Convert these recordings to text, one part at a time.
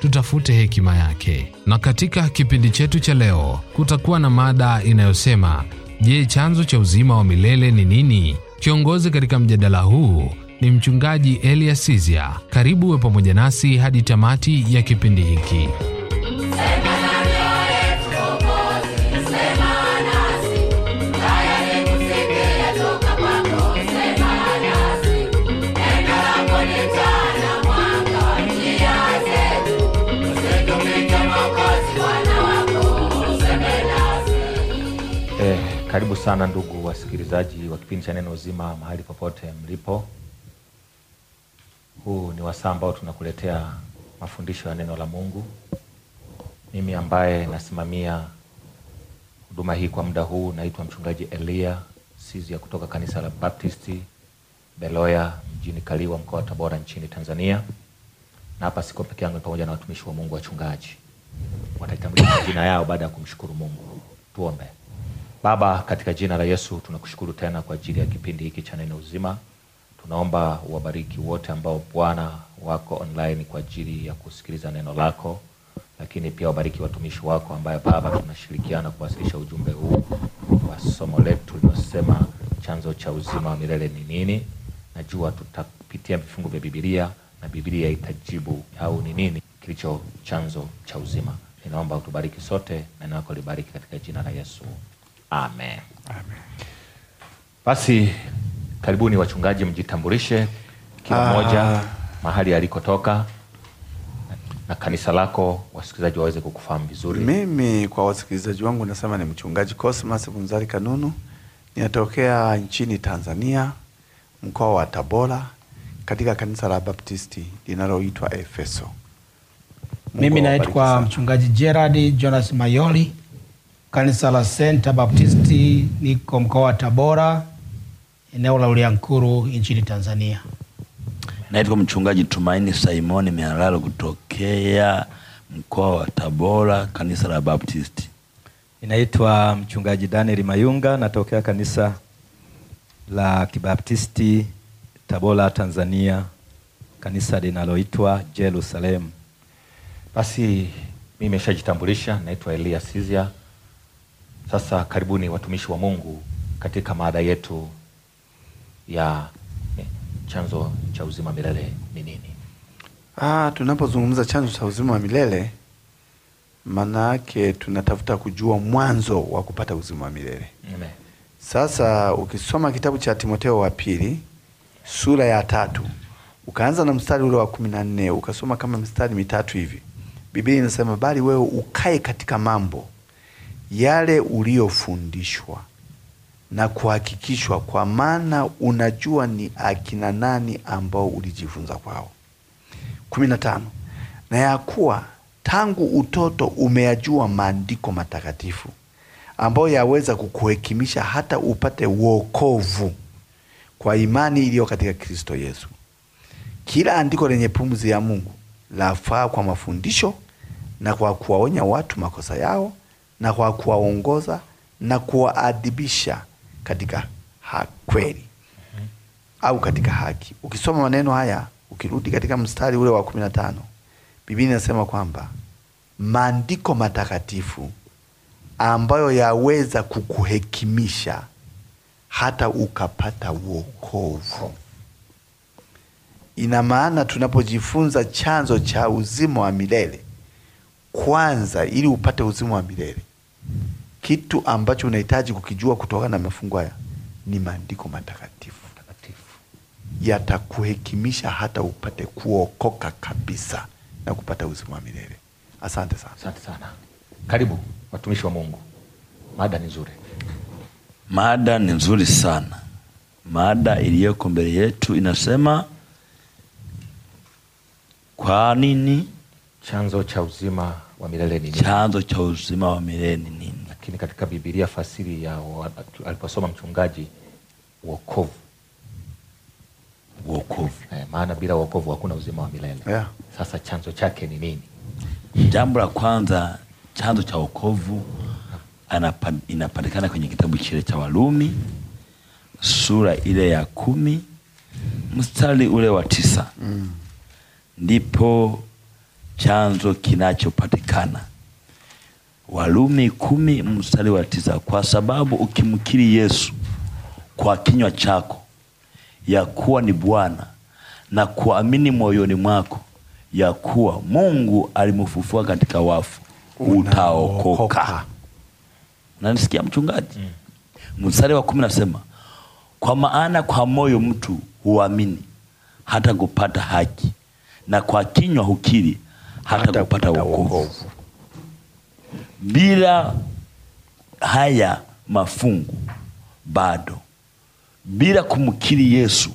tutafute hekima yake. Na katika kipindi chetu cha leo kutakuwa na mada inayosema, je, chanzo cha uzima wa milele ni nini? Kiongozi katika mjadala huu ni mchungaji Elias Sizia. Karibu we pamoja nasi hadi tamati ya kipindi hiki. Karibu sana ndugu wasikilizaji wa kipindi cha Neno Uzima mahali popote mlipo. Huu ni wasaa ambao tunakuletea mafundisho ya neno la Mungu. Mimi ambaye nasimamia huduma hii kwa muda huu naitwa Mchungaji Elia Sizia kutoka kanisa la Baptisti Beloya mjini Kaliwa, mkoa wa Tabora, nchini Tanzania. Na hapa siko peke yangu, pamoja na watumishi wa Mungu wachungaji. Watatambulisha majina yao baada ya kumshukuru Mungu. Tuombe. Baba, katika jina la Yesu tunakushukuru tena kwa ajili ya kipindi hiki cha neno uzima. Tunaomba wabariki wote ambao Bwana wako online kwa ajili ya kusikiliza neno lako, lakini pia wabariki watumishi wako ambayo Baba tunashirikiana kuwasilisha ujumbe huu wa somo letu linaosema chanzo cha uzima wa milele ni nini. Najua tutapitia vifungu vya bibilia na Bibilia itajibu au ni nini kilicho chanzo cha uzima. Ninaomba utubariki sote na neno lako libariki katika jina la Yesu. Amen. Amen. Basi karibuni wachungaji, mjitambulishe kila ah. mmoja mahali alikotoka na kanisa lako, wasikilizaji waweze kukufahamu vizuri. Mimi kwa wasikilizaji wangu nasema ni mchungaji Cosmas Bunzari Kanunu, ninatokea nchini Tanzania, mkoa wa Tabora, katika kanisa la Baptisti linaloitwa Efeso. Mungu mimi naitwa mchungaji Gerard Jonas Mayoli kanisa la Senta Baptisti, niko mkoa wa Tabora, eneo la Uliankuru nchini Tanzania. Naitwa mchungaji Tumaini Simoni Mihalalo kutokea mkoa wa Tabora, kanisa la Baptisti. Inaitwa mchungaji Daniel Mayunga, natokea kanisa la Kibaptisti Tabora, Tanzania, kanisa linaloitwa Jerusalem. Basi mimi nimeshajitambulisha, naitwa Elias Sizia sasa karibuni watumishi wa Mungu katika mada yetu ya eh, chanzo cha uzima milele ni nini? Ah, tunapozungumza chanzo cha uzima wa milele maana yake tunatafuta kujua mwanzo wa kupata uzima wa milele. Amen. Sasa ukisoma kitabu cha timoteo wa pili sura ya tatu ukaanza na mstari ule wa kumi na nne ukasoma kama mstari mitatu hivi, Biblia inasema bali wewe ukae katika mambo yale uliyofundishwa na kuhakikishwa, kwa maana unajua ni akina nani ambao ulijifunza kwao. kumi na tano na ya kuwa tangu utoto umeyajua maandiko matakatifu ambayo yaweza kukuhekimisha hata upate wokovu kwa imani iliyo katika Kristo Yesu. Kila andiko lenye pumzi ya Mungu lafaa kwa mafundisho na kwa kuwaonya watu makosa yao na kwa kuwaongoza na kuwaadhibisha katika kweli mm -hmm. au katika haki. Ukisoma maneno haya ukirudi katika mstari ule wa kumi na tano Biblia inasema kwamba maandiko matakatifu ambayo yaweza kukuhekimisha hata ukapata uokovu. Ina maana tunapojifunza chanzo cha uzima wa milele kwanza, ili upate uzima wa milele kitu ambacho unahitaji kukijua kutokana na mafungu haya ni maandiko matakatifu, yatakuhekimisha hata upate kuokoka kabisa na kupata uzima wa milele. Asante sana, asante sana. Karibu watumishi wa Mungu, mada ni nzuri, mada ni nzuri sana. Mada iliyoko mbele yetu inasema kwa nini chanzo cha uzima wa milele ni nini? Chanzo cha uzima wa milele ni nini? lakini katika bibilia fasiri ya aliposoma mchungaji wokovu wokovu eh, maana bila wokovu hakuna uzima wa milele yeah. Sasa chanzo chake ni nini? Jambo la kwanza, chanzo cha wokovu inapatikana kwenye kitabu kile cha Warumi sura ile ya kumi mstari ule wa tisa mm. ndipo chanzo kinachopatikana Warumi kumi mstari wa tisa kwa sababu ukimkiri Yesu kwa kinywa chako ya kuwa ni Bwana na kuamini moyoni mwako ya kuwa Mungu alimfufua katika wafu utaokoka. Nanisikia mchungaji? mm. mstari wa kumi nasema kwa maana kwa moyo mtu huamini hata kupata haki na kwa kinywa hukiri hata, hata kupata wokovu. Bila haya mafungu bado, bila kumkiri Yesu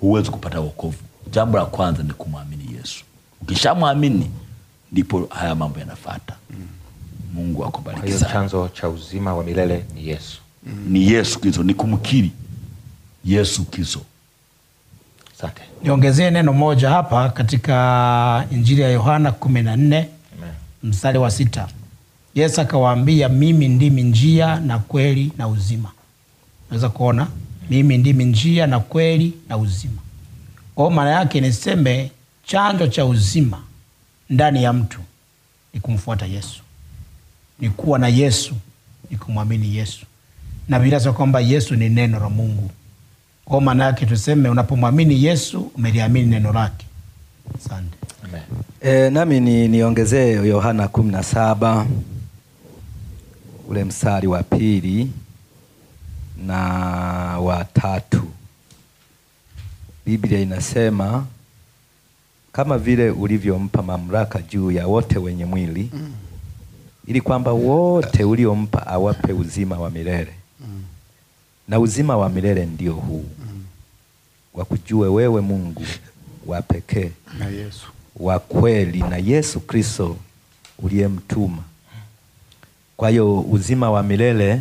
huwezi kupata wokovu. Jambo la kwanza ni kumwamini Yesu. Ukishamwamini ndipo haya mambo yanafata. mm. Mungu akubariki sana. Chanzo cha uzima wa milele ni Yesu. mm. Ni Yesu Kristo, ni kumkiri Yesu Kristo. Niongezee neno moja hapa katika Injili ya Yohana kumi na nne mstari wa sita Yesu akawaambia mimi ndimi njia na kweli na uzima. Naweza kuona mimi ndimi njia na kweli na uzima. Kwa maana yake niseme chanzo cha uzima ndani ya mtu ni kumfuata Yesu, ni kuwa na Yesu, ni kumwamini Yesu, na vilasa kwamba Yesu ni neno la Mungu. Kwa maana yake tuseme, unapomwamini Yesu umeliamini neno lake. Asante. E, nami niongezee ni Yohana kumi na saba ule msari wa pili na wa tatu. Biblia inasema kama vile ulivyompa mamlaka juu ya wote wenye mwili mm. ili kwamba wote uliompa awape uzima wa milele mm. na uzima wa milele ndio huu mm. wakujue wewe Mungu wa pekee na Yesu wa kweli na Yesu Kristo uliyemtuma kwa hiyo uzima wa milele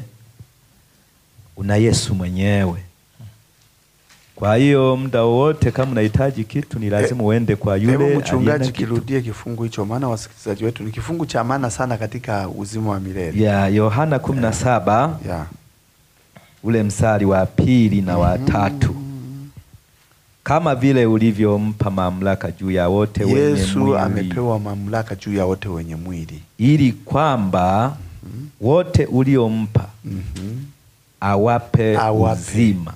una Yesu mwenyewe. Kwa hiyo muda wote kama unahitaji kitu ni lazima eh, uende kwa yule. mchungaji, kirudie kifungu hicho, maana wasikilizaji wetu, ni kifungu cha maana sana katika uzima wa milele ya Yohana kumi na eh, saba yeah. ule msari wa pili na wa mm-hmm. tatu mm -hmm. kama vile ulivyompa mamlaka juu ya wote wenye mwili. Yesu amepewa mamlaka juu ya wote wenye mwili ili kwamba wote uliompa mm -hmm. awape, awape uzima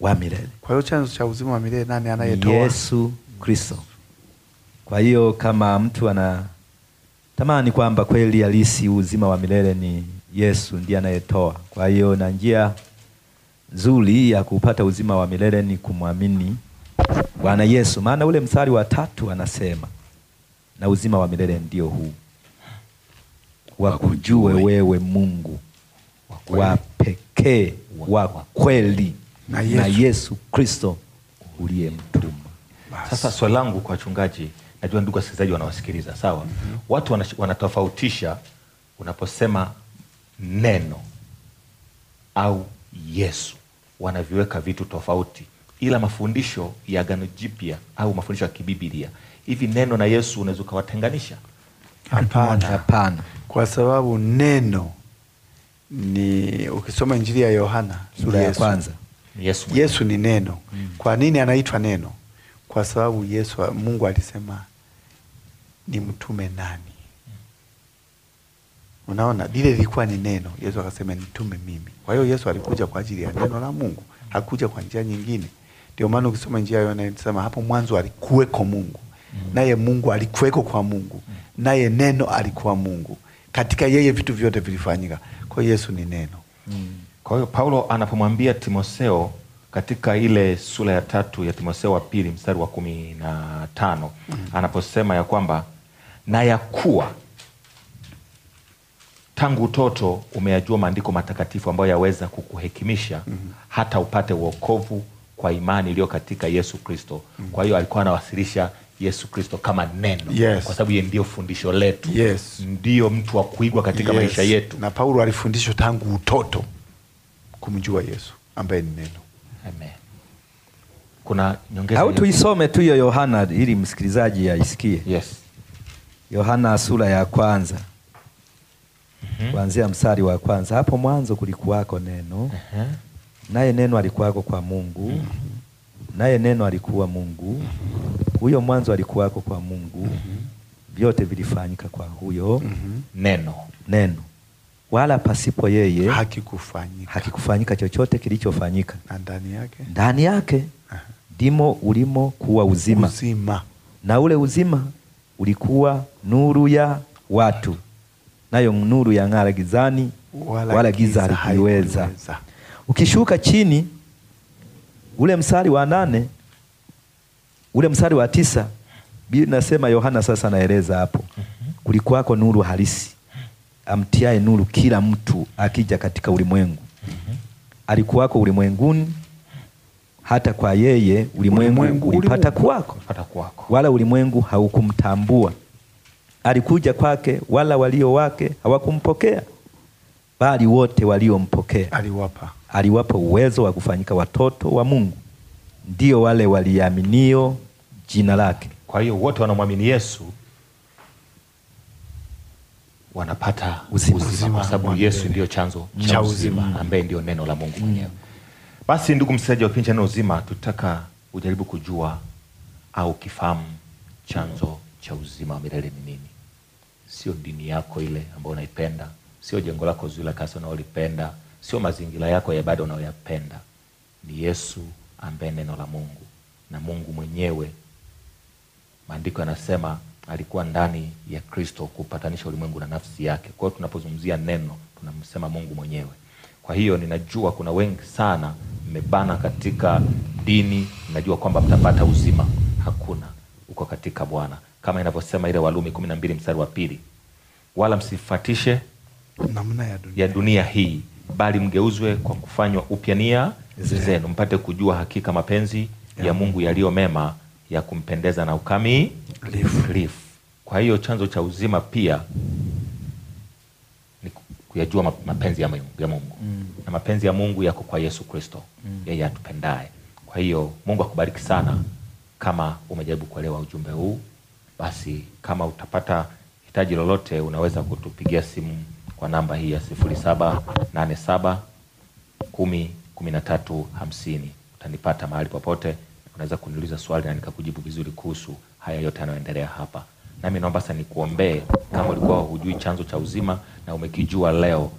wa milele. Kwa hiyo chanzo cha uzima wa milele nani anayetoa? Yesu Kristo. Kwa hiyo kama mtu ana tamani kwamba kweli halisi uzima wa milele ni Yesu ndiye anayetoa. Kwa hiyo na njia nzuri ya kupata uzima wa milele ni kumwamini Bwana Yesu, maana ule mstari wa tatu anasema na uzima wa milele ndio huu wakujue wewe Mungu wa pekee wa kweli na Yesu, na uliye Kristo uliyemtuma. Sasa swali langu kwa wachungaji, najua ndugu wasikilizaji wanawasikiliza sawa. mm -hmm. Watu wanatofautisha unaposema neno au Yesu, wanaviweka vitu tofauti, ila mafundisho ya Agano Jipya au mafundisho ya kibibilia hivi, neno na Yesu unaweza ukawatenganisha? Hapana, hapana kwa sababu neno ni ukisoma Injili ya Yohana sura ya kwanza Yesu, Yesu ni neno mm. Kwa nini anaitwa neno? Kwa sababu Yesu Mungu alisema ni mtume nani? Mm. Unaona, lile lilikuwa ni neno. Yesu akasema nitume mimi. Kwa hiyo Yesu alikuja kwa ajili ya neno la Mungu, mm. hakuja kwa njia nyingine. Ndio maana ukisoma njia ya Yohana inasema hapo mwanzo alikuweko Mungu, mm. naye Mungu alikuweko kwa Mungu, naye neno alikuwa Mungu katika yeye vitu vyote vilifanyika. Kwa hiyo Yesu ni neno mm. Kwa hiyo Paulo anapomwambia Timotheo katika ile sura ya tatu ya Timotheo wa pili mstari wa kumi na tano mm. anaposema ya kwamba na ya kuwa tangu utoto umeyajua maandiko matakatifu ambayo yaweza kukuhekimisha mm -hmm. hata upate wokovu kwa imani iliyo katika Yesu Kristo. mm -hmm. Kwa hiyo alikuwa anawasilisha Yesu Kristo kama neno yes. Kwa sababu ye ndiyo fundisho letu yes. Ndiyo mtu wa kuigwa katika yes. maisha yetu, na Paulo alifundishwa tangu utoto kumjua Yesu ambaye ni neno. Kuna au tuisome tu hiyo Yohana ili msikilizaji aisikie. Yes. Yohana sura ya kwanza mm -hmm. mstari wa kwanza. Hapo mwanzo kulikuwako neno uh -huh. naye neno alikuwako kwa Mungu mm -hmm naye neno alikuwa Mungu, huyo mwanzo alikuwako kwa Mungu, vyote vilifanyika kwa huyo neno. Neno wala pasipo yeye hakikufanyika, hakikufanyika chochote kilichofanyika. Na ndani yake, ndani yake ndimo ulimo kuwa uzima. Uzima, na ule uzima ulikuwa nuru ya watu, nayo nuru ya ng'ara gizani, wala, wala giza halikuiweza. Ukishuka chini ule msari wa nane ule msari wa tisa Biblia inasema Yohana sasa anaeleza hapo, kulikuwako nuru halisi amtiaye nuru kila mtu akija katika ulimwengu. Alikuwako ulimwenguni, hata kwa yeye ulimwengu ulipata kuwako, wala ulimwengu haukumtambua. Alikuja kwake, wala walio wake hawakumpokea, bali wote waliompokea wake aliwapa, aliwapa uwezo wa kufanyika watoto wa Mungu, ndio wale waliaminio jina lake. Kwa hiyo wote wanamwamini Yesu wanapata uzima, uzima uzima kwa sababu Yesu ndio chanzo cha uzima ambaye ndio neno la Mungu mm. mwenyewe. Mm. Basi ndugu msikilizaji wa kipindi cha Neno Uzima, tutaka ujaribu kujua au kifahamu chanzo cha uzima wa milele ni nini. Sio dini yako ile ambayo unaipenda, sio jengo lako zuri la kasa unaolipenda, sio mazingira yako ya ibada unayoyapenda, ni Yesu ambaye neno la Mungu na Mungu mwenyewe. Maandiko yanasema alikuwa ndani ya Kristo kupatanisha ulimwengu na nafsi yake. Kwa hiyo tunapozungumzia neno tunamsema Mungu mwenyewe. Kwa hiyo ninajua kuna wengi sana mmebana katika dini, ninajua kwamba mtapata uzima. Hakuna, uko katika Bwana, kama inavyosema ile Walumi kumi na mbili mstari wa pili, wala msifatishe namna ya dunia, ya dunia hii bali mgeuzwe kwa kufanywa upya nia zenu, mpate kujua hakika mapenzi ya Mungu yaliyo mema ya kumpendeza na ukamilifu. Kwa hiyo chanzo cha uzima pia ni kuyajua mapenzi ya Mungu, ya Mungu. Mm. na mapenzi ya Mungu yako kwa Yesu Kristo mm. yeye atupendaye. Kwa hiyo Mungu akubariki sana. Kama umejaribu kuelewa ujumbe huu, basi kama utapata hitaji lolote, unaweza kutupigia simu kwa namba hii ya 0787 10 13 hamsini. Utanipata mahali popote, unaweza kuniuliza swali na nikakujibu vizuri kuhusu haya yote yanayoendelea hapa. Nami naomba sasa nikuombee. Kama ulikuwa hujui chanzo cha uzima na umekijua leo,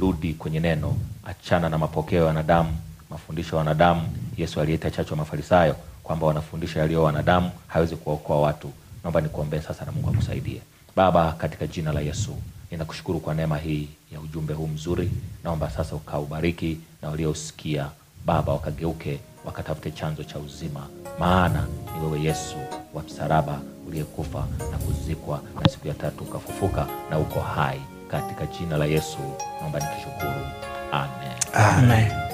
rudi kwenye neno, achana na mapokeo ya wanadamu, mafundisho ya wanadamu. Yesu aliita chachu ya Mafarisayo kwamba wanafundisha yaliyo wanadamu, hawezi kuwaokoa watu. Naomba nikuombee sasa na Mungu akusaidie. Baba, katika jina la Yesu Ninakushukuru kwa neema hii ya ujumbe huu mzuri, naomba sasa ukaubariki na waliosikia Baba wakageuke wakatafute chanzo cha uzima, maana ni wewe Yesu wa msalaba uliyekufa na kuzikwa na siku ya tatu ukafufuka na uko hai. Katika jina la Yesu naomba nikishukuru, amen, amen.